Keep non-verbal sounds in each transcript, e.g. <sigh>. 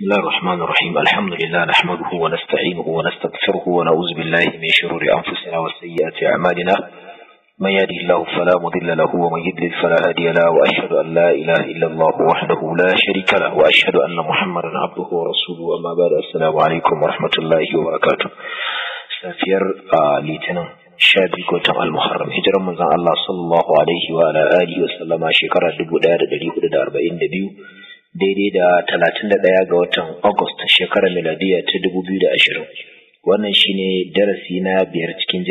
بسم الله الرحمن الرحيم الحمد لله نحمده ونستعينه ونستغفره ونعوذ بالله من شرور أنفسنا وسيئات أعمالنا من يهده الله فلا مضل له ومن يضلل فلا هادي له وأشهد أن لا إله إلا الله وحده لا شريك له وأشهد أن محمدا عبده ورسوله أما بعد السلام عليكم ورحمة الله وبركاته سافير لتنم shabi ko ta al-muharram hijiran manzon Allah sallallahu alaihi wa ala alihi wa sallama shekara 1442 daidai da talatin da ɗaya ga watan Agusta shekarar miladiya ta dubu biyu da ashirin, wannan shine darasi na biyar cikin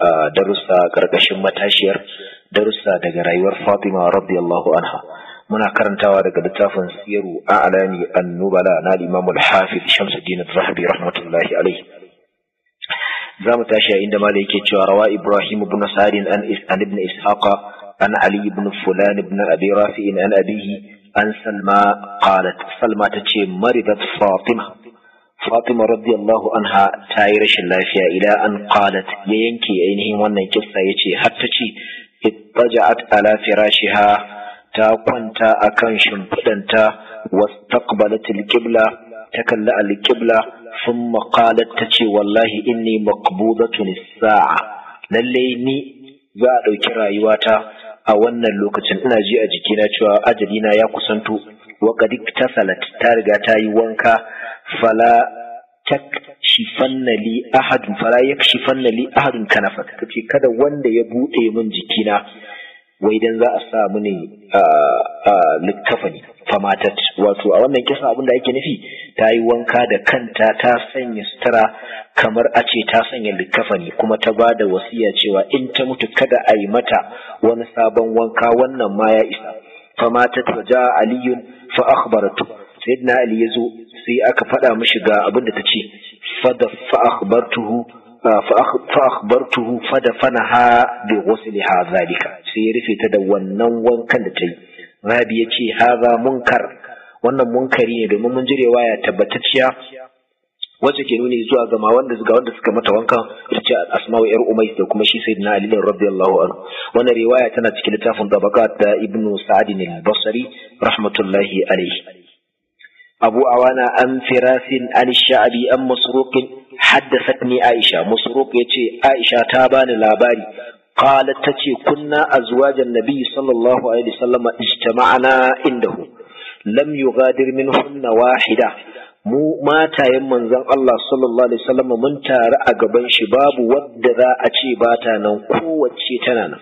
a darussa ƙarƙashin matashiyar darussa daga rayuwar Fatima radiyallahu anha muna karantawa daga littafin Siru alani An-Nubala na Imam Al-Hafiz Shamsuddin Az-Zahabi rahmatullahi Za zamu tashi inda Malam yake cewa rawa Ibrahim ibn Sa'id an ibn Ishaqa an Ali ibn Fulan ibn Abi Rafi' an abihi an salma qalat salma ta ce maridat fatima fatima radiyallahu anha ta yi rashin lafiya ila an qalat ya yanke ainihin wannan kissa yace har ta ce ittaja'at ala firashiha ta kwanta akan shimfiɗanta wastaqbalat alqibla ta kalli alqibla thumma qalat ta ce wallahi inni maqbudatun as-sa'a Lallai ni za a ɗauki rayuwata a wannan lokacin ina ji a jikina cewa ajalina ya kusanto wa qad iktasalat ta riga ta yi wanka fala takshifanna li ahadun fala yakshifanna li ahadun kanafa kace kada wanda ya buɗe min jikina wai dan za a sa mini littafani famatat wato a wannan kisa abin da ake nufi ta yi wanka da kanta ta sanya sutura kamar a ce ta sanya likafani kuma ta ba da wasiya cewa in ta mutu kada a yi mata wani sabon wanka wannan ma ya isa famatat wa ja aliyun fa akhbaratu sayyidina ali zo sai aka faɗa mishi ga abin da ta ce fada fa akhbartuhu فأخبرته فدفنها بغسلها ذلك sai ya rufe ta da wannan wankan da ta yi rabi ya ce haza munkar wannan munkari ne domin mun jire ya tabbatacciya wacce ke nuni zuwa ga wanda wanda suka mata wanka ita ce asma'u yar umai da kuma shi sayyidina ali radiyallahu anhu wannan riwaya tana cikin littafin tabaqat da ibnu sa'd al-basri rahmatullahi alayhi أبو an أم an عن الشعبي أم مسروق حدثتني yace Aisha ta عائشة تابان labari. ta ce kunna azwajan nabi sallallahu alaihi wasallam ijtama'ana indahu lam yughadir minhunna wahida mu matayen manzon Allah sallallahu alaihi wasallam mun tare a gaban shi babu wadda za a ce ba ta nan kowacce tana nan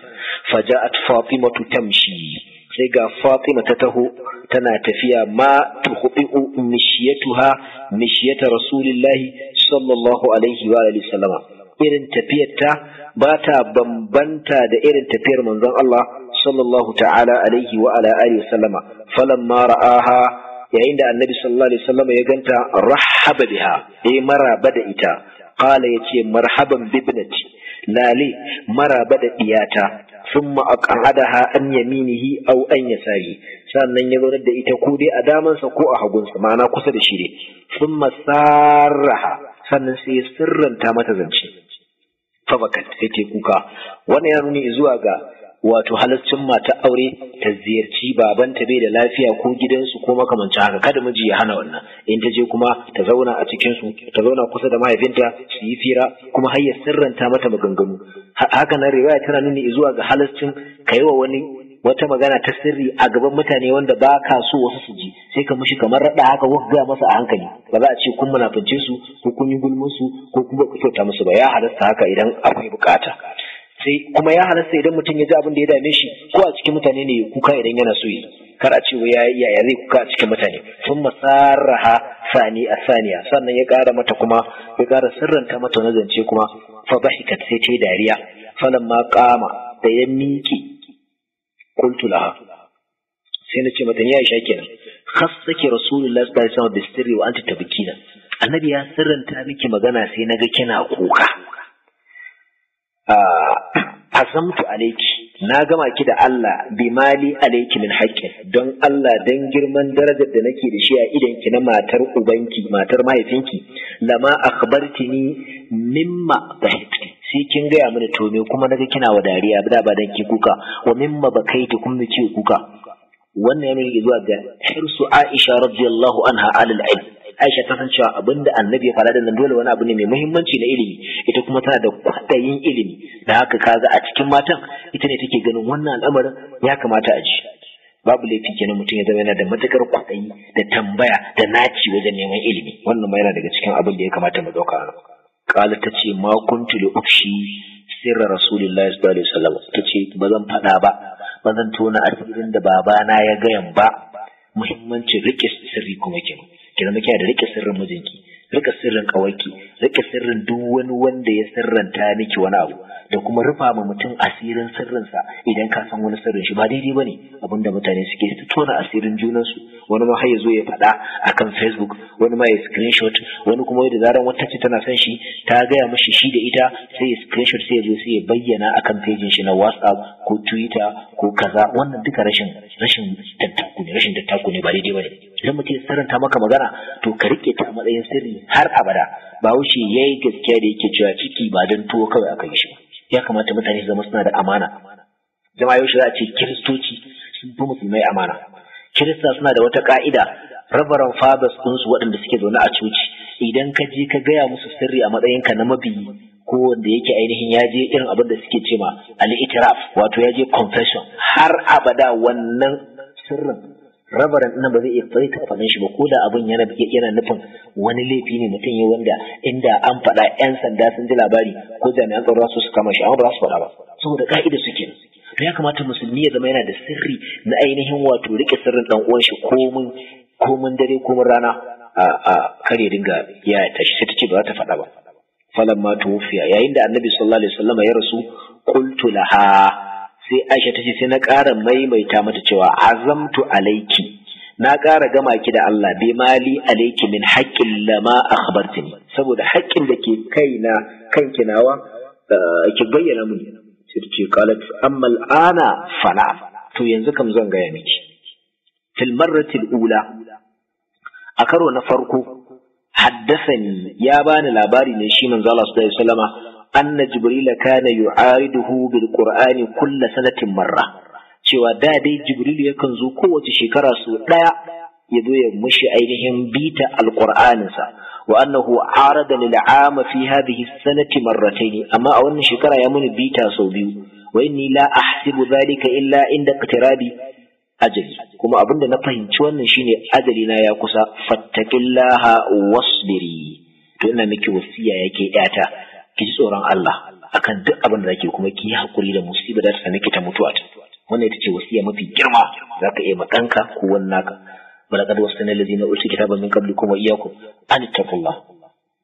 faja'at fatimatu tamshi sai ga fatima ta taho tana tafiya ma tuhbi'u mishiyatuha mishiyata rasulillahi sallallahu alaihi wa alihi wasallama irin tafiyarta ba ta bambanta da irin tafiyar manzon Allah sallallahu ta'ala alaihi wa ala alihi sallama ra'aha yayin da annabi sallallahu alaihi ya ganta rahaba biha eh maraba da ita qala yace marhaban bibnati lale maraba da iyata thumma aqadaha an yaminihi aw an yasari sannan ya zaunar da ita ko dai a damansa ko a hagunsa ma'ana kusa da shi ne thumma sarraha sannan sai ya sirranta mata zance fabakat kuka wannan ya nuni zuwa ga wato halaccin mata aure ta ziyarci babanta bai da lafiya ko gidansu ko makamancin haka kada miji ya hana wannan in ta je kuma ta zauna a cikin su ta zauna kusa da mahaifinta su yi fira kuma har ya sirranta mata maganganu haka nan riwaya tana nuni zuwa ga halaccin wa wani wata magana ta sirri a gaban mutane wanda ba ka so wasu su ji sai ka mushi kamar raɗa haka ko ga masa a hankali ba za a ce kun munafince su ko kun yi gulmin su ko kuma ku kyauta musu ba ya halasta haka idan akwai bukata sai kuma ya halasta idan mutum ya ji abin da ya dame shi ko a cikin mutane ne kuka idan yana so yi kar a ce ya ya zai kuka a cikin mutane sun masarraha sani a saniya sannan ya ƙara mata kuma ya ƙara sirranta mata wani zance kuma fa bahikat sai ta dariya falan ma kama da ya miƙe qultu laha sai nace mata ni Aisha kenan khassaki rasulullahi sallallahu alaihi wasallam bisirri wa anti tabkina annabi ya sirranta miki magana sai naga kina kuka asamtu ah, alaiki na gama ki da Allah bi mali alaiki min haƙƙin don Allah don girman darajar da nake da shi a idanki na matar ubanki matar mahaifinki lama akhbartini mimma bahitni sai kin gaya mana to me kuma naga kina wa dariya da ba dan ki kuka wa mimma bakaiti kun mi ce kuka wannan yana nuna zuwa ga hirsu Aisha radiyallahu anha alal ayy Aisha ta san cewa abinda Annabi ya fara da nan dole wani abu ne mai muhimmanci na ilimi ita kuma tana da kwadayin ilimi da haka kaza a cikin matan ita ne take ganin wannan al'amarin ya kamata a ji babu laifi kenan mutum ya zama yana da matukar kwadayi da tambaya da naci wajen neman ilimi wannan ma yana daga cikin abin da ya kamata mu dauka a kala ta ce ma kuntu da ufshi sirra rasulullahi sallallahu alaihi ta ce ba zan faɗa ba ba zan tona asirin da babana ya gayan ba muhimmancin riƙe sirri kuma kenan ki zama kina da riƙe sirrin mijinki rika sirrin kawaki ruke sirrin duk wani wanda ya sirranta miki wani abu da kuma rufa ma mutum asirin sirrinsa idan ka san wani sirrin shi ba daidai bane abinda mutane suke su tona asirin junansu wani ma har ya zo ya faɗa akan facebook wani ma ya screenshot wani kuma da zaran wata ce tana son shi ta gaya mishi shi da ita sai ya screenshot sai ya zo sai ya bayyana akan pejin shi na whatsapp ko twitter ko kaza wannan duka rashin rashin tattaku ne rashin tattaku ne ba daidai bane idan mutum ya saranta maka magana to ka rike ta matsayin sirri har abada ba wuce yayi gaskiya da yake cewa ciki ba dan tuwo kawai aka yi shi ya kamata mutane su zama suna da amana jama'a yau shi za a ce kiristoci sun fi musulmai amana kirista suna da wata ka'ida rabaran ɗin su waɗanda suke zaune a coci idan ka je ka gaya musu sirri a matsayinka na mabiyi ko wanda yake ainihin ya je irin abin da suke cema al'itiraf wato ya je confession har abada wannan sirrin rabaran nan ba zai iya fai taɓa faɗin shi ba ko da abin yana yana nufin wani laifi ne mutum ya wanda inda an faɗa yan sanda sun ji labari ko jami'an tsaro su su kama shi amma ba su faɗa ba saboda ka'ida suke to ya kamata musulmi ya zama yana da sirri na ainihin wato rike sirrin dan uwan shi komin komin dare komin rana a a kare dinga ya tashi sai ta ce ba za ta faɗa ba falamma tuwfiya yayin da annabi sallallahu alaihi wasallam ya rasu qultu laha sai aisha ta ce sai na ƙara maimaita mata cewa azamtu alaiki na ƙara gama ki da Allah bi mali alaiki min haƙƙin lama akhbartini saboda haƙƙin da ke kaina kanki nawa eh, ki bayyana mun sai ta ce qalat amma al'ana fala to yanzu kam zan gaya miki fil marratil ula a karo na farko haddasani ya bani labari ne shi manzo Allah sallallahu alaihi wasallama anna jibril kana yu'ariduhu bil qur'ani kulla sanatin marra cewa da dai jibril yakan zo kowace shekara su ɗaya, ya zo ya mushi ainihin bita Alƙur'aninsa. wa annahu arada lil am fi hadhihi sanati marratayn amma a wannan shekara ya muni bita sau biyu wa inni la ahsibu dhalika illa inda iqtirabi ajali kuma abinda na fahimci wannan shine ajali na ya kusa fattaqillaha wasbiri to ina miki wasiya yake yata ki ji tsoron Allah akan duk abin da zake kuma ki yi hakuri da musiba da ta sani ta mutuwa ta wannan ita ce wasiya mafi girma zaka iya ma danka ko wani naka balaqad wasana allazina utul kitaba min qablikum wa iyyakum an taqullah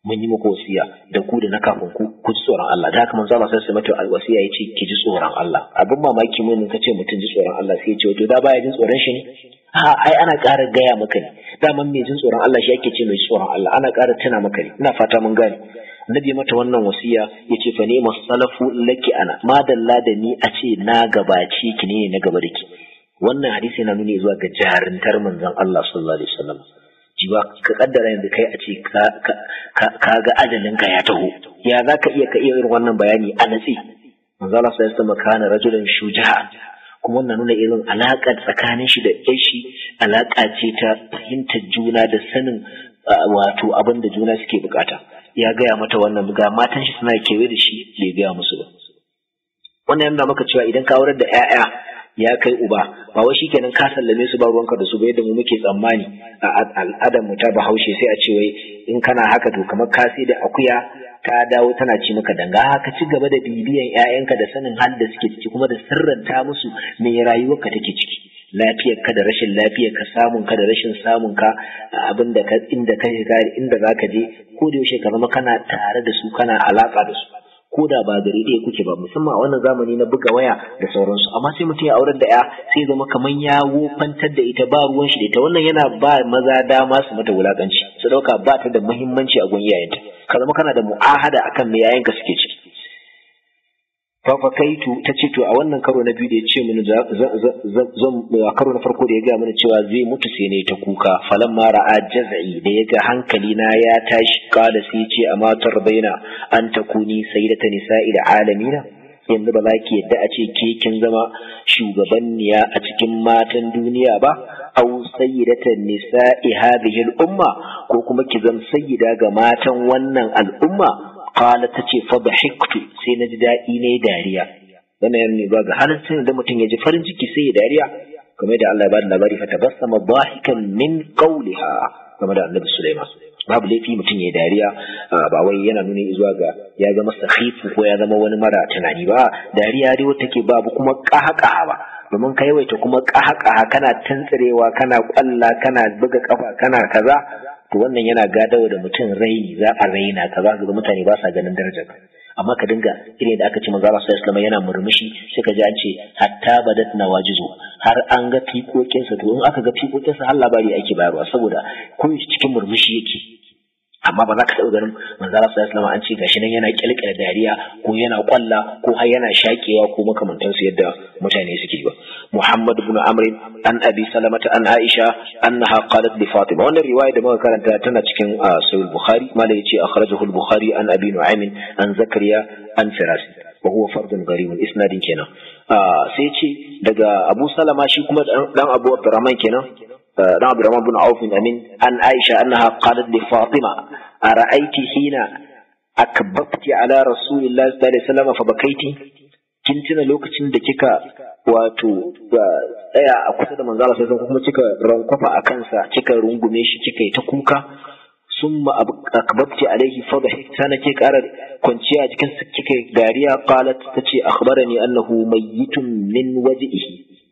mun yi muku wasiya da ku da na kafin ku ku ji tsoron Allah da haka manzo Allah sai mata alwasiya yace ki ji tsoron Allah abin mamaki mun kace mutum ji tsoron Allah sai ya ce to da baya jin tsoron shi ne ha ai ana ƙara gaya maka ne daman mai jin tsoron Allah shi ake ce mai tsoron Allah ana ƙara tana maka ne ina fata mun gane nabi mata wannan wasiya yace fa ne masalafu laki ana madalla da ni a ce na gabaci ki ne na gaba da ki wannan hadisi yana nuni zuwa ga jarintar manzon Allah sallallahu alaihi wasallam jiwa ka kaddara yanzu kai a ce ka ga ka ya taho ya za ka iya ka iya irin wannan bayani a natsi manzon Allah sallallahu alaihi wasallam kana rajulan shuja'a kuma wannan nuna irin alaka tsakanin shi da shi alaka ce ta fahimtar juna da sanin wato abin da juna suke bukata ya gaya mata wannan ga matan shi suna kewe da shi bai gaya musu ba wannan yana maka cewa idan ka aurar da 'ya'ya ya kai uba ba wai shikenan ka sallame su ba ruwanka da su ba yadda mu muke tsammani a al'adar mu ta bahaushe sai a ce wai in kana haka to kamar ka sai da akuya ta dawo tana ci maka danga Ka ci gaba da bibiyan 'ya'yanka da sanin hal da suke ciki kuma da sirranta musu me rayuwarka take ciki lafiyar ka da rashin lafiyar ka samun ka da rashin samun ka abin da inda ka shiga inda zaka je ko da yaushe ka zama kana tare da su kana alaka da su ko da ba gari ɗaya kuke ba musamman a wannan zamani na buga waya da sauransu amma sai mutum ya aurar da ya sai zama kamar ya wofantar da ita ba ruwan shi da ita wannan yana ba maza dama su mata wulakanci su dauka ba ta da muhimmanci a gun iyayenta ka zama kana da mu'ahada akan me yayanka suke ciki fafakaitu ta ce to a wannan karo na biyu da ya ce mini a karo na farko da ya gaya mana cewa zai mutu sai ne ta kuka falan ma ra'a jaz'i da ya ga hankali na ya tashi kala sai ce a matar baina an ta kuni sayyidata nisa'i da alamina yanzu ba za ki yadda a ce ke kin zama shugabanniya a cikin matan duniya ba au sayyidata nisa'i hadhihi al-umma ko kuma ki zama sayyida ga matan wannan al'umma qala tace fa dhahiktu sai na ji daɗi ne dariya wannan yana nuna ga halaccin da mutum ya ji farin ciki sai ya dariya kamar da Allah ya bada labari fa tabassama dhahikan min qawliha kamar da Annabi Sulaiman babu laifi mutum ya dariya ba wai yana nuna zuwa ga ya zama sahifu ko ya zama wani mara tunani ba dariya dai wata ke babu kuma ƙaha ba domin ka yawaita kuma ƙaha kana tantsirewa, kana ƙwalla kana buga ƙafa kana kaza to wannan yana gadawa da mutum raini za a raina ka za ga mutane ba sa ganin darajar amma ka dinga irin da aka ce manzo Allah sallallahu alaihi yana murmushi sai ka ji an ce hatta badat nawajizu har an ga fikokinsa to in aka ga fikokinsa har labari ake bayarwa saboda kun cikin murmushi yake amma ba za ka taɓa ganin manzara sallallahu alaihi wasallam an ce gashi nan yana kyalkyala dariya ko yana kwalla ko har yana shakewa ko makamantansu yadda mutane suke ba Muhammad ibn Amr an Abi Salamata an Aisha annaha qalat li Fatima wannan riwaya da muka karanta tana cikin ah, Sahih Bukhari mala yace akhrajahu al-Bukhari an Abi Nu'aym an Zakariya an Firas wa huwa fardun gharib isnadin kenan ah, sai ce daga Abu Salama shi kuma dan Abu Abdurrahman kenan عبد الرحمن بن عوف أمين عن عائشة أنها قالت لفاطمة أرأيت حين أكببت على رسول الله صلى الله عليه وسلم فبكيت كنتنا لوكتين دكيكا kusa da manzala sai sun kuma rankwafa a kansa rungume shi cika ta kuka sun ma akbabti karar kwanciya a cikin kika gariya tace annahu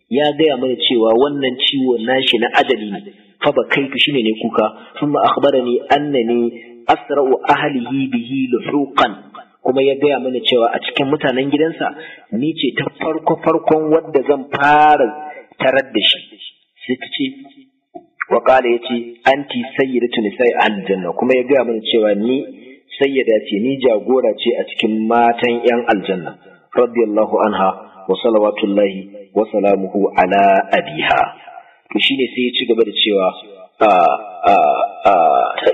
ya gaya mana cewa wannan ciwo nashi na ajali ne fa ba kai tu shine ne kuka sun ma ni annani asra'u ahlihi bihi luhuqan kuma ya gaya mana cewa a cikin mutanen gidansa ni ce ta farko farkon wadda zan fara tarar da shi sai ta ce wa qala yace anti sayyidatu nisa'i aljanna kuma ya gaya mana cewa ni sayyida ce ni jagora ce a cikin matan yan aljanna radiyallahu anha wa salawatullahi Wasalamuhu ala abiha to shine sai ya ci gaba da cewa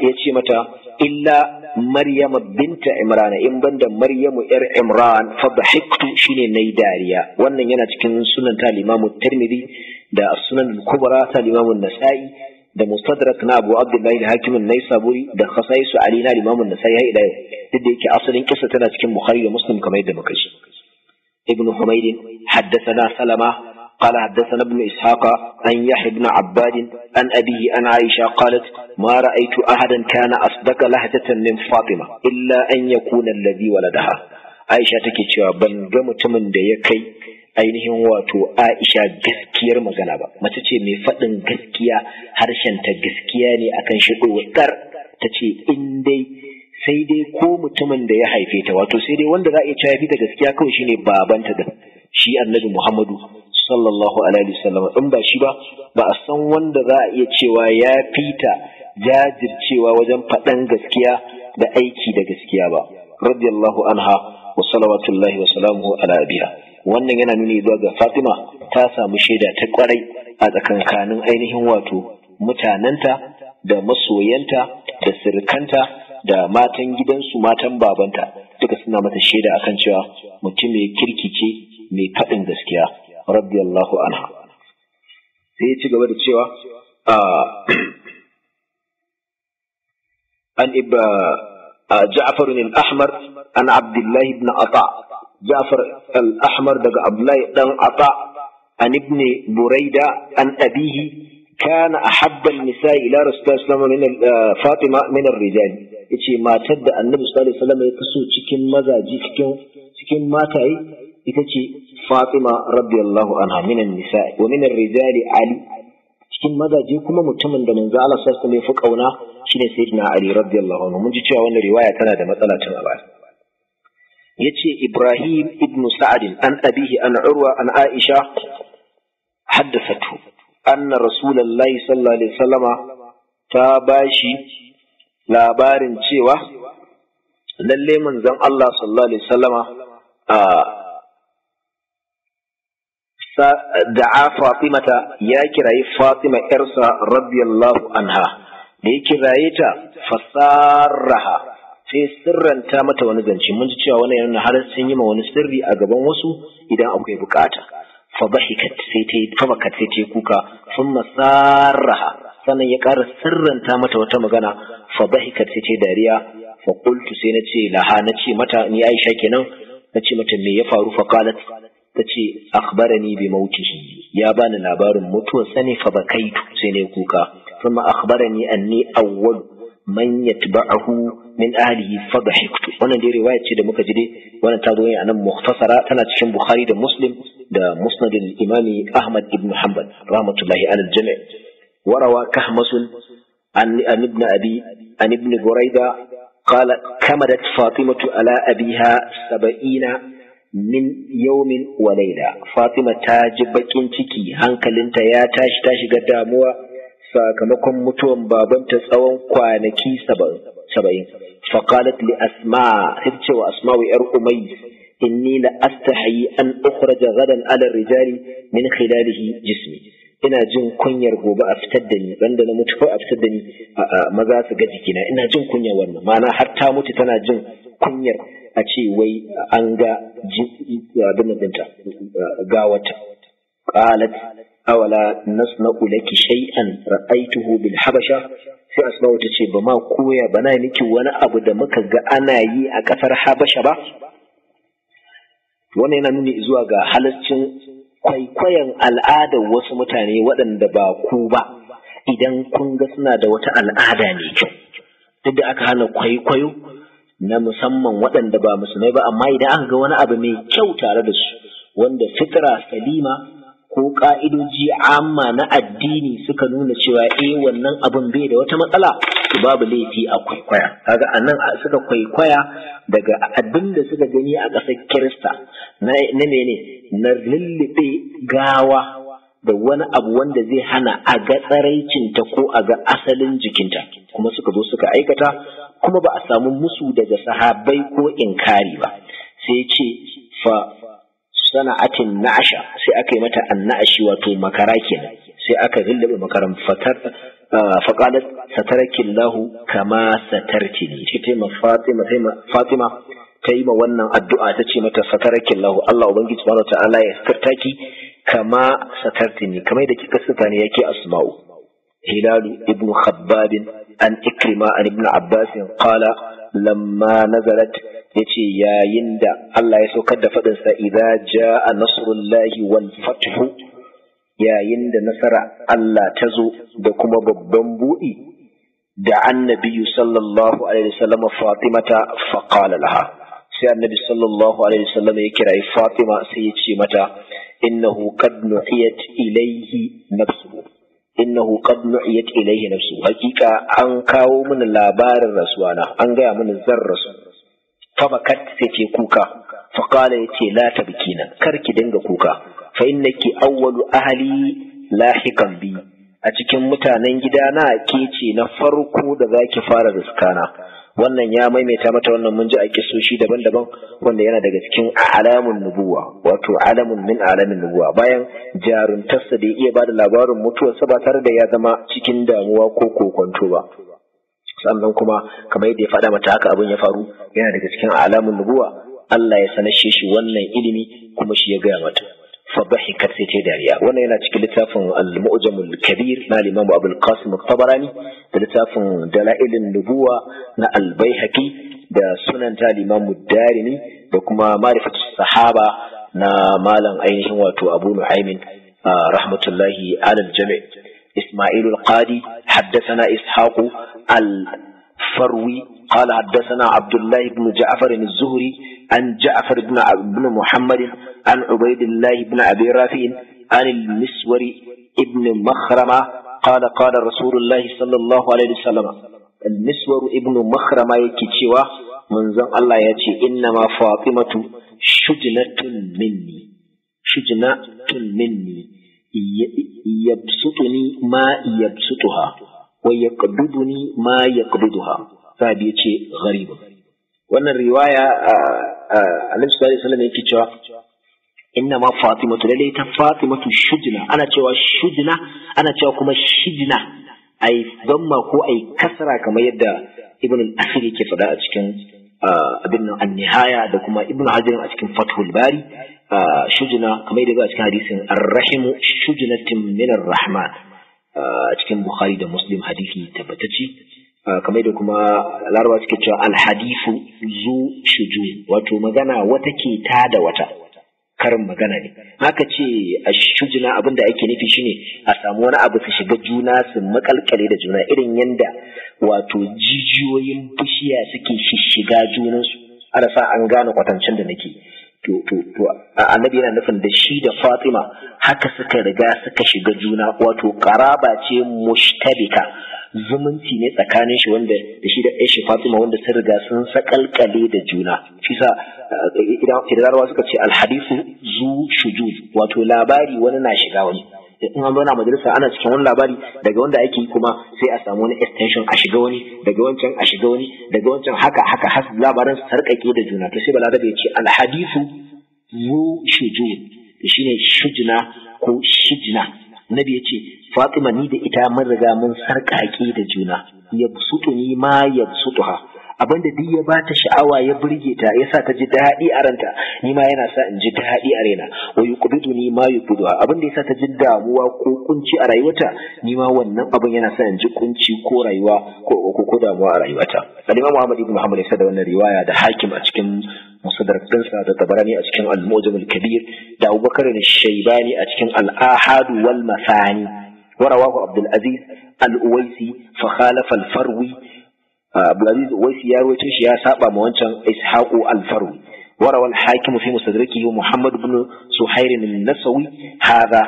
ya ce mata illa maryama binta imran in banda maryamu yar imran fa dhahiktu shine nayi dariya wannan yana cikin sunan ta limamu tirmidhi da sunan kubra ta limamu nasa'i da mustadrak na abu abdullahi da hakimin nai saburi da khasaisu ali na limamu nasa'i har yau duk da yake asalin kissa tana cikin bukhari da muslim kamar yadda muka ji ابن حميد حدثنا سلمة قال حدثنا ابن إسحاق أن يحيى بن عباد أن أبيه أن عائشة قالت ما رأيت أحدا كان أصدق لهجة من فاطمة إلا أن يكون الذي ولدها عائشة تكي بن جمت من ديكي ainihin wato Aisha gaskiyar magana ba mace ce mai faɗin gaskiya harshen ta gaskiya ne akan shigo kar ta in dai sai dai ko mutumin da ya haife ta wato sai dai wanda za a iya cewa fi ta gaskiya kawai shine babanta da shi annabi Muhammadu sallallahu alaihi wasallam in ba shi ba ba a san wanda za a iya cewa ya fita jajircewa wajen faɗan gaskiya da aiki da gaskiya ba radiyallahu anha wa salawatullahi wa salamuhu ala abiya wannan yana nuni zuwa ga Fatima ta samu shaida ta kwarai a tsakankanin ainihin wato mutanenta da masoyanta da sirkanta da matan gidansu matan babanta duka suna mata shaida akan cewa mutum mai kirki ce mai faɗin gaskiya radiyallahu anha sai ya ci gaba da cewa an ibba جعفر الأحمر عن عبد الله بن عطاء جعفر الأحمر دق عبد الله بن عطاء عن ابن بريدة عن أبيه kana ahabbal nisa ila rasulullahi sallallahu alaihi wasallam uh, fatima min ar-rijal yace matar da annabi sallallahu alaihi wasallam ya kaso cikin mazaji cikin cikin mataye ita ce fatima wa min ali cikin mazaje kuma mutumin da manzo Allah sallallahu alaihi wasallam ya fi kauna shine sayyidina ali radiyallahu anhu mun ji cewa wannan riwaya tana da matsala tun a baya yace Ibrahim ibn Sa'ad an abihi an Urwa an Aisha haddathatu anna rasulullahi sallallahu alaihi ta bashi labarin cewa lalle manzon Allah sallallahu alaihi wasallama da'a Fatimata ya kirayi Fatima ‘yarsa radiyallahu anha, da ya kiraye ta fasaraha sai sirranta mata wani zance mun ji cewa wani yana har sun yi ma wani sirri a gaban wasu idan akwai bukata. fa bahikat sai ta fa kuka sun sarraha sannan ya ƙara sirranta mata wata magana fa bahikat sai dariya fa qultu sai nace laha nace mata ni Aisha kenan nace mata me ya faru fa qalat tace akhbarani bi mautihi ya bani labarin mutuwar sani fa bakaitu sai ne kuka thumma akhbarani anni awwal man yatba'ahu من أهله فضحكت وانا دي رواية تي دمك جدي وانا تادوين يعني أنا مختصرة تنا تشم بخاري دا مسلم دا مسند الإمام أحمد بن محمد رحمة الله على الجمع وروا كهمس عن, عن ابن أبي عن ابن بريدة قال كمدت فاطمة على أبيها سبعين من يوم وليلة فاطمة تاجبك انتكي هنك لنت يا تاش تاش قدامها سأكمكم متوم بابن تسأون قوانكي سبعين سبعين فقالت لأسماء هدش وأسماء وإر أمي إني أستحي أن أخرج غدا على الرجال من خلاله جسمي إنا جن كن يرغو بأفتدني عندنا متفو أفتدني مغاس قدكنا إنا جن كن يوانا ما أنا حتى متتنا جن كن ير أشي وي أنغا جن بنتا غاوت قالت أولا نصنع لك شيئا رأيته بالحبشة sai asma wata ce ba ma koya ba na miki wani abu da muka ga ana yi a ƙasar habasha ba wannan yana nuni zuwa ga halaccin kwaikwayon al'ada wasu mutane waɗanda ba ku ba idan kun ga suna da wata al'ada ne kyau duk da aka hana kwaikwayo na musamman waɗanda ba musulmai ba amma idan aka ga wani abu mai kyau tare da su wanda fitra salima ko ka'idoji amma na addini suka nuna cewa eh wannan abun bai da wata matsala to babu laifi a kwaikwaya kaga anan suka kwaikwaya daga abin da suka gani a ƙasar Kirista na mene na lullube gawa da wani abu wanda zai hana a ga tsaraicinta ko a ga asalin jikinta kuma suka zo suka aikata kuma ba a samu musu daga sahabbai ko inkari ba sai ce fa sana'atin na'asha sai aka yi mata annashi wato makara kenan sai aka lullube makaran fatar ah, faqalat satarakin lahu kama satartini ce ta ma fatima fatima ta yi ma wannan addu'a ta ce mata satarakin lahu Allah ubangiji subhanahu ta'ala ya satarta ki kama satartini kamar da kika saka ne yake asma'u hilalu ibnu khabbab an ikrima an ibnu abbas qala lamma nazarat yace yayin da Allah ya saukar da faɗinsa sa idza jaa nasrullahi wal fathu yayin da nasara Allah ta zo da kuma babban buɗi da annabi sallallahu alaihi wasallam Fatima ta qala laha sai annabi sallallahu alaihi wasallam ya kira Fatima sai ya ce mata innahu qad nu'iyat ilayhi nafsuhu innahu qad nu'iyat ilayhi nafsu haqiqa an kawo mini labarin rasuwana an gaya mini zan rasu fa makat sai kuka fa qala yace la tabkina kar ki dinga kuka fa innaki awwalu ahli lahiqan bi a cikin mutanen gidana ke ce na farko da zaki fara riskana wannan ya maimaita mata wannan mun ji a kisoshi daban-daban wanda yana daga cikin alamun nubuwa wato alamun min alamin nubuwa bayan jaruntarsa da ya iya bada labarin mutuwa ba tare da ya zama cikin damuwa ko kokonto ba sannan kuma kamar yadda ya faɗa mata haka abin ya faru yana daga cikin alamun nubuwa Allah ya sanar shi wannan ilimi kuma shi ya gaya mata صبحي كرسيتي داريا وانا الى تشكل المؤجم الكبير مع الامام ابو القاسم الطبراني لتاف دلائل النبوة نا البيهكي دا سنن تال امام الدارمي وكما معرفة الصحابة نا مالا عينه واتو ابو نحيم آه، رحمة الله على الجميع اسماعيل القادي حدثنا اسحاق الفروي قال حدثنا عبد الله بن جعفر الزهري عن جعفر بن محمد عن عبيد الله بن أبي رافع عن المسوري ابن مخرمة قال قال رسول الله صلى الله عليه وسلم المسور ابن مخرمة يكتشوا من زن الله يأتي إنما فاطمة شجنة مني شجنة مني يبسطني ما يبسطها ويقبضني ما يقبضها فهذا يأتي غريب wannan riwaya a عليه Wasallam yake cewa inna ma fatimatu lalle ta fatimatu shujna ana cewa shujna ana cewa kuma shijna ai damma ko ai kasra kamar yadda ibn al-asir yake faɗa a cikin abin nan an-nihaya da kuma ibn hajar a cikin fathul bari shujna kamar yadda a cikin hadisin ar-rahimu shujnatin min ar-rahman a cikin bukhari da muslim hadisi tabbatacci kamar da kuma laraba suke cewa hadisu zu shuju wato magana wata ke ta da wata karin magana ne haka ce a juna abin da ake nufi shine a samu wani abu su shiga juna su makalkale da juna irin yadda wato jijiyoyin bishiya suke shiga junansu ana sa an gane kwatancin da nake to to to annabi yana nufin da shi da Fatima haka suka riga suka shiga juna wato ƙaraba ce mushtabika zumunci ne tsakanin shi wanda da shi da aisha Fatima wanda sun riga sun sakalkale da juna shi sa eh, idan suka ce alhadisu zu shujud wato labari wani na shiga wani in an zauna majalisa ana cikin wani labari daga wanda ake yi kuma sai a samu wani extension a shiga wani daga wancan a shiga wani daga wancan haka haka har labarin sarƙaƙe da juna to sai balada ya ce alhadisu zu shujud shi shine shujna ko shijna annabi yace fatima ni da ita mun riga mun sarƙaƙe da juna yabsutuni ma yabsutuha abinda duk ya bata sha'awa ya burge ta yasa ta ji daɗi a ranta ni ma yana sa in ji daɗi a raina wa yuqbidu ni ma yuqbiduha abinda yasa ta ji damuwa ko kunci a rayuwata ni ma wannan abin yana sa in ji kunci ko rayuwa ko ko damuwa a rayuwata al-imam Muhammad ibn Muhammad ya da wannan riwaya da hakim a cikin musadar dinsa da tabarani a cikin al-mujam al-kabir da Abubakar da Shaibani a cikin al-ahad wal masani al uwaisi العزيز الأويسي فخالف Farwi. Abdulaziz Waisi ya rawaito shi ya saba ma wancan Ishaqu al-Farwi وروى الحاكم في مستدركه محمد بن سحير النسوي هذا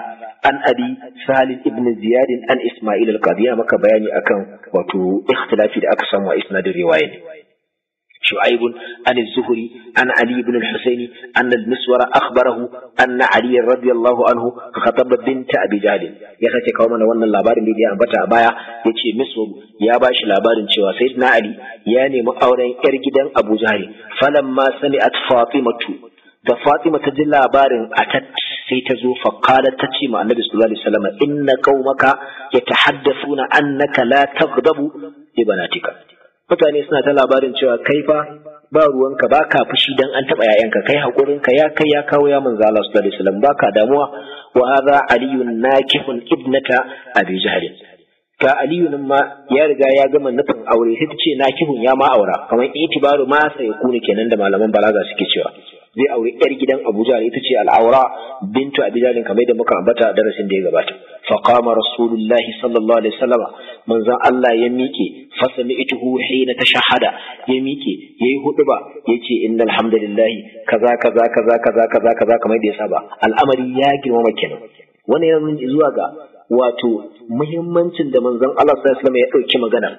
عن أبي سهل بن زياد عن إسماعيل القاضي مكة بياني أكن وتو اختلاف أقسام وإسناد الرواية شعيب عن الزهري عن علي بن الحسين أن المسور أخبره أن علي رضي الله عنه خطب بنت أبي kawo mana wannan labarin da ya ambata a baya yace Miswar ya bashi labarin cewa Sayyidina Ali ya nemi auren yar gidan Abu Jahal falamma sami'at Fatimatu da Fatima ta ji labarin atat sai ta zo fa ta ce ma Annabi sallallahu alaihi kaumaka ya qaumaka yatahaddafuna annaka la taghdabu li banatika mutane suna ta labarin cewa kai fa ba ruwanka ba ka fushi dan an taba yayanka kai ka ya kai ya kawo ya manzo Allah sallallahu alaihi wasallam ba damuwa wa hadha aliyun nakihun ibnata abi jahl ka aliyu ma ya riga ya gama nufin aure sai ta ce nakihun ya ma aura kamar itibaru ma sai ne kenan da malaman balaga suke cewa zai aure yar gidan Abuja ne ita ce al'aura bintu Abi ka kamar da muka ambata darasin da ya gabata fa qama rasulullahi sallallahu alaihi wasallam manzon Allah ya miƙe fasami'tuhu hina tashahada ya miƙe yayi huduba yace innal hamdalillahi kaza kaza kaza kaza kaza kaza kamar da ya saba al'amari ya girmama kenan wannan ya zuwa ga wato muhimmancin da manzon Allah sallallahu alaihi ya dauki magana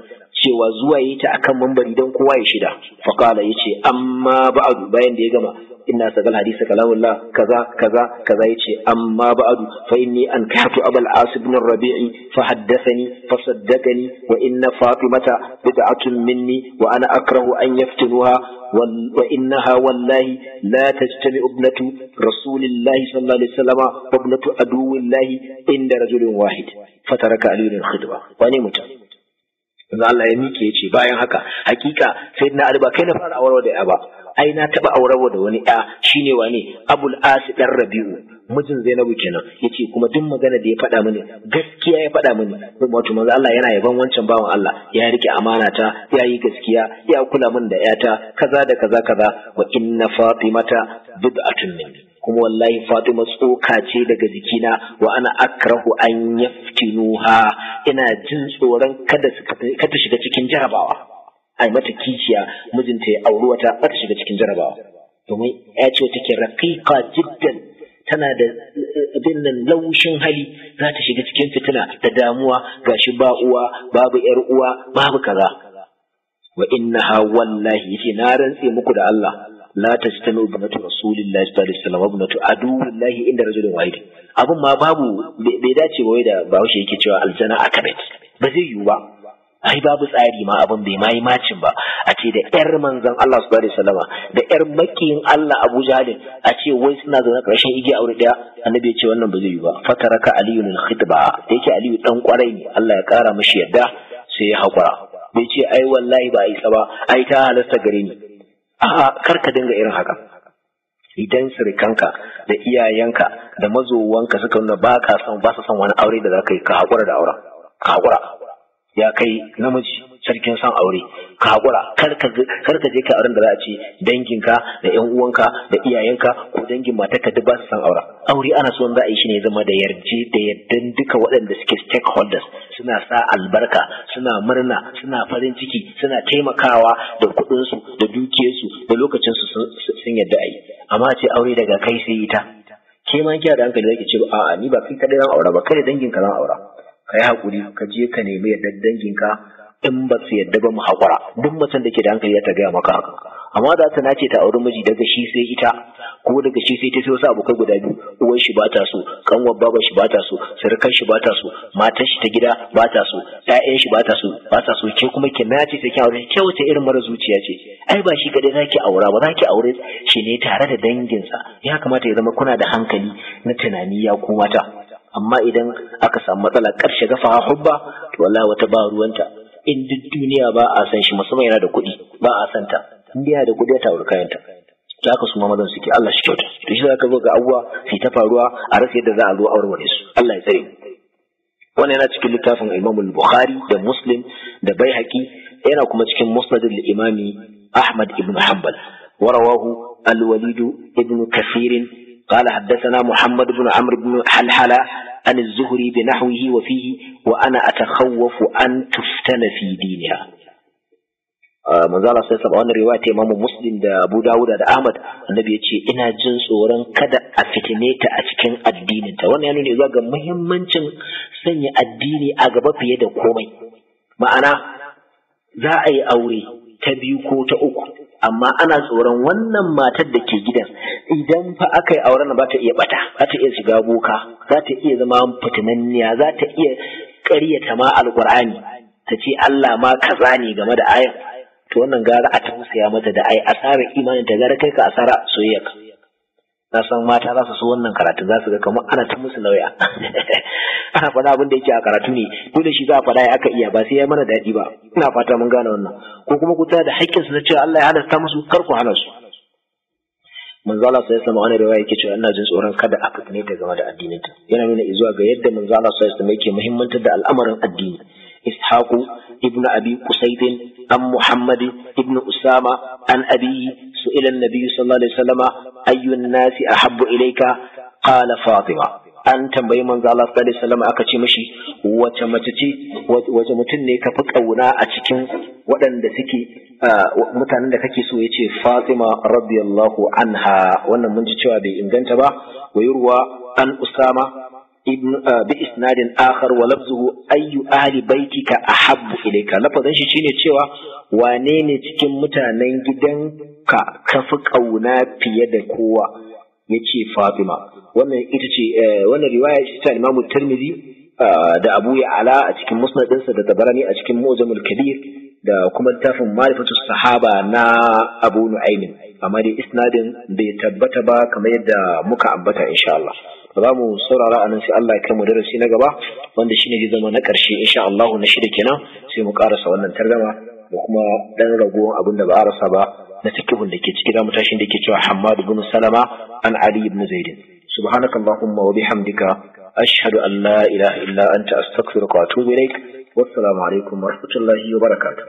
cewa zuwa yayi ta akan mambari dan kowa ya shida faqala yace amma ba'du bayan da ya gama inna sagal hadisi kalamullah kaza kaza kaza yace amma ba'du fa inni ankahtu abul as ibn rabi'i fa haddathani fa saddaqani wa inna fatimata bid'atun minni wa ana akrahu an yaftinuha وإنها والله لا تجتمع ابنة رسول الله صلى الله عليه وسلم وابنة عدو الله عند رجل واحد فترك علي الخطبة وأنا متى yanzu Allah ya mike yace bayan haka hakika sai na ba kai na fara aurewa da ya ba ai na taɓa aurewa da wani ya shine wane Abul Asi dan Rabi'u mijin Zainabu kenan Ya ce kuma duk magana da ya faɗa mini gaskiya ya faɗa mini wato manzo Allah yana yaban wancan bawan Allah ya rike amana ta ya yi gaskiya ya kula min da ƴata kaza da kaza kaza wa inna Fatimata bid'atun minni kuma wallahi Fatima tsoka ce daga jikina wa ana akrahu an yaftinuha ina jin tsoron kada ta shiga cikin jarabawa ai mata kiciya mijinta ya auri wata ta shiga cikin jarabawa domin ya ce take raqiqa jiddan tana da dinnan laushin hali za ta shiga cikin fitina da damuwa gashi ba uwa babu yar uwa babu kaza wa innaha wallahi yace na rantse muku da Allah la tajtanu banatu rasulillahi sallallahu alaihi wasallam inda rajulun wahid abun ma babu bai dace wai da bahaushe yake cewa aljana akabet ba zai yiwu ba ai babu tsari ma abin bai mai macin ba a ce da yar manzon Allah subhanahu alaihi da yar makiyin Allah Abu Jahl a ce wai suna zaune karshen igiya aure daya annabi ya ce wannan ba zai yiwu ba fataraka aliyun al yake aliyu dan kwarai ne Allah ya kara mashi yadda sai ya hakura bai ce ai wallahi ba a isa ba ai ta halasta gare ni a'a kar ka dinga irin haka idan sirikanka da iyayenka da mazowanka suka nuna ba ka son ba su son wani aure da za ka yi ka haƙura da auren ka haƙura ya kai namiji sarkin son aure ka hakura kar ka je ka auren da za a ce danginka da 'yan uwanka da iyayenka ko dangin matarka duk ba su san aura aure ana so za a yi shi ne zama da yarje da yardan duka waɗanda suke stakeholders suna sa albarka suna murna suna farin ciki suna taimakawa da kuɗinsu da dukiyarsu da lokacinsu sun yarda a yi amma ce aure daga kai sai ita ke ma kiya da hankali zaki ce a'a ni ba kai kadai zan aura ba kai danginka zan aura ka yi hakuri ka je ka nemi dangin ka. in ba su yadda ba mu haƙura duk macen da ke da hankali ta gaya maka haka amma da ta nace ta auri miji daga shi sai ita ko daga shi sai ta sai wasu abokai guda biyu uwan shi bata so kanwar baban shi bata so surukan shi bata so matan shi ta gida bata so ƴaƴan shi bata so ta so ke kuma ki ce ta ki aure ke wata irin mara zuciya ce ai ba shi kadai zaki aura ba zaki aure shi ne tare da danginsa ya kamata ya zama kuna da hankali na tunani ya ku mata amma idan aka samu matsala karshe gafa hubba to wallahi wata ba ruwanta in duk duniya ba a san shi musamman yana da kuɗi ba a san ta in dai da kuɗi ya taru kayan ta to haka su ma mazan suke Allah shi kyauta to shi zaka zo ga abuwa sai ta faruwa a rasa yadda za a zo aurware su Allah ya tsare wannan yana cikin littafin Imam Bukhari da Muslim da Baihaqi yana kuma cikin Musnad al-Imam Ahmad ibn Hanbal ورواه الوليد ابن كثير قال حدثنا محمد بن عمرو بن حلحلة عن الزهري بنحوه وفيه وأنا أتخوف أن تفتن في دينها manzo Allah sai saba wannan riwaya ta Imam da Abu Dawud da Ahmad annabi ya ce ina jin tsoron kada a fitine ta a cikin addininta. ta wannan ya nuna zuwa ga muhimmancin sanya addini a gaba fiye da komai ma'ana za a yi aure ta biyu ko ta uku amma ana tsoron wannan matar da ke gidan idan fa aka yi auren ba ta iya bata ba ta iya shiga boka za ta iya zama fitinanniya za ta iya ƙaryata ma alƙur'ani ta ce Allah ma kaza ne game da ayan to wannan gara a tausaya mata da ai asarar imanin ta gara kai ka asara soyayya na san mata za su so wannan karatu za su ga kamar ana ta musu lauya <laughs> ana faɗa abin da yake a karatu ne da shi za a faɗa ya aka iya ba sai ya mana daɗi ba ina fata mun gane wannan ko kuma ku da haƙƙinsu na cewa Allah ya halasta musu kar ku hana su manzo Allah sai sama wani riwaya yake cewa ina jin tsoron kada a fitne ta game da addinin ta yana nuna izuwa ga yadda manzo Allah sai sama yake muhimmantar da al'amarin addini إسحاق ابن أبي قسيد عن محمد ابن أسامة عن أبيه سئل النبي صلى الله عليه وسلم أي الناس أحب إليك قال فاطمة an tambayi manzo Allah sallallahu alaihi wasallam aka ce mishi wace mace ce wace mutum ne ka fi kauna a cikin waɗanda suke mutanen da kake so yace Fatima radiyallahu anha wannan mun ji cewa bai inganta ba wayurwa an Usama بإسناد آخر ولفظه أي أهل بيتك أحب إليك لفظا شيني cewa wane ne cikin mutanen gidanka ka fi kauna fiye da kowa yace Fatima wannan ita ce eh, wannan riwaya ce ta Tirmizi Tirmidhi uh, da Abu Ya'la a cikin Musnad ɗinsa da Tabarani a cikin Mu'jamul Kabir da kuma tafin Ma'rifatus Sahaba na Abu Nu'aym amma dai isnadin bai tabbata ba kamar yadda muka ambata insha Allah za mu saurara a nan sai Allah ya kai mu darasi na gaba wanda shine zai zama na ƙarshe insha Allah na shida kenan sai mu karasa wannan targama da kuma dan ragowar abin da ba a rasa ba na fikihun da ke ciki da mutashin da ke cewa Hamad, ibn Salama an Ali ibn Zaid سبحانك اللهم an أشهد أن لا إله إلا أنت أستغفرك وأتوب إليك والسلام عليكم ورحمة الله وبركاته